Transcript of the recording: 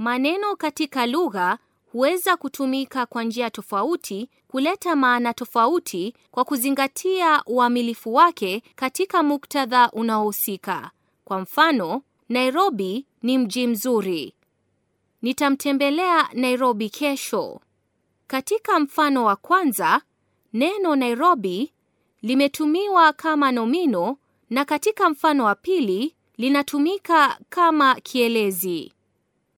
Maneno katika lugha huweza kutumika kwa njia tofauti kuleta maana tofauti kwa kuzingatia uamilifu wake katika muktadha unaohusika. Kwa mfano, Nairobi ni mji mzuri. Nitamtembelea Nairobi kesho. Katika mfano wa kwanza, neno Nairobi limetumiwa kama nomino na katika mfano wa pili linatumika kama kielezi.